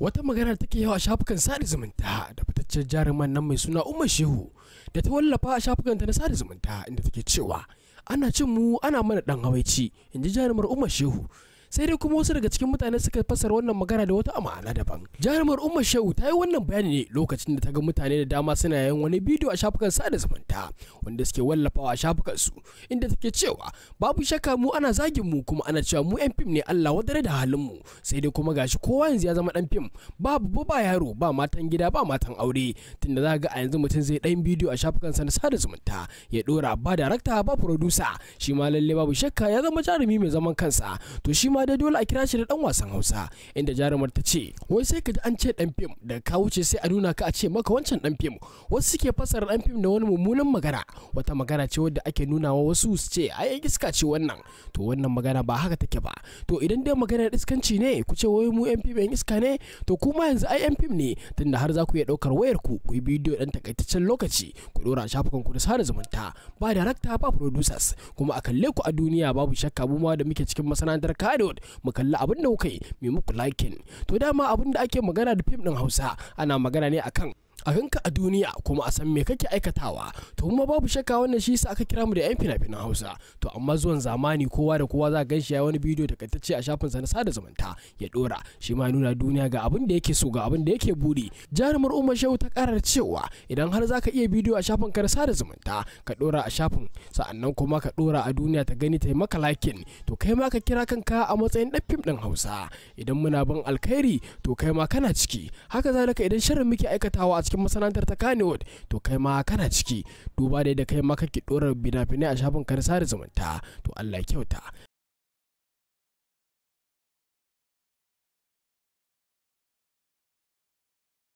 wata magana da take yawa a shafukan sada zumunta da fitaccen jaruman nan mai suna umar shehu da ta wallafa a shafukan ta na sada zumunta inda take cewa ana cin mu ana mana dan hawaici in ji jarumar umar shehu sai dai kuma wasu daga cikin mutane suka fassara wannan magana da wata ma'ana daban jarumar umar shehu ta yi wannan bayani ne lokacin da ta ga mutane da dama suna yin wani bidiyo a shafukan sada zumunta wanda suke wallafawa a shafukan su inda take cewa babu shakka mu ana zagin mu kuma ana cewa mu yan fim ne Allah wadare da halin mu sai dai kuma gashi kowa yanzu ya zama dan fim babu ba yaro ba matan gida ba matan aure tunda za ga a yanzu mutum zai dan bidiyo a shafukan sa na sada zumunta ya dora ba darakta ba producer shi ma lalle babu shakka ya zama jarumi mai zaman kansa to shi ma da dole a kira shi da dan wasan Hausa inda jarumar ta ce wai sai ka ji an ce dan fim da ka wuce sai a nuna ka a ce maka wancan dan fim wasu suke fasara dan fim da wani mummunan magana wata magana ce wadda ake nuna wa wasu su ce ai iska ce wannan to wannan magana ba haka take ba to idan dai maganar iskanci ne ku ce wai mu yan fim yan iska ne to kuma yanzu ai yan fim ne tunda har za ku iya daukar wayar ku ku yi bidiyo dan takaitaccen lokaci ku dora shafukan ku da sada zumunta ba darakta ba producers kuma a kalle ku a duniya babu shakka mu ma da muke cikin masana'antar kare Hollywood mu kalli abin da kuka yi mai muku liking to dama abin da ake magana da fim din hausa ana magana ne akan a ganka a duniya kuma a san me kake aikatawa to kuma babu shakka wannan shi yasa aka kira mu da yan fina-finan Hausa to amma zuwan zamani kowa da kowa za ga shi ya wani bidiyo da takaitacce a shafin sa na sada zumunta ya dora shi ma nuna duniya ga abin da yake so ga abin da yake buri jarumar Umar Shehu ta karar cewa idan har zaka iya bidiyo a shafin ka na sada zumunta ka dora a shafin sa'annan kuma ka dora a duniya ta gani ta yi maka lakin to kai ma ka kira kanka a matsayin dan fim din Hausa idan muna bin alkhairi to kai ma kana ciki haka zalika idan sharrin muke aikatawa a cikin cikin masana'antar ta kanewood to kai ma kana ciki duba da kai ma kake ɗora bina finai a shafin kan sada zumunta to allah kyauta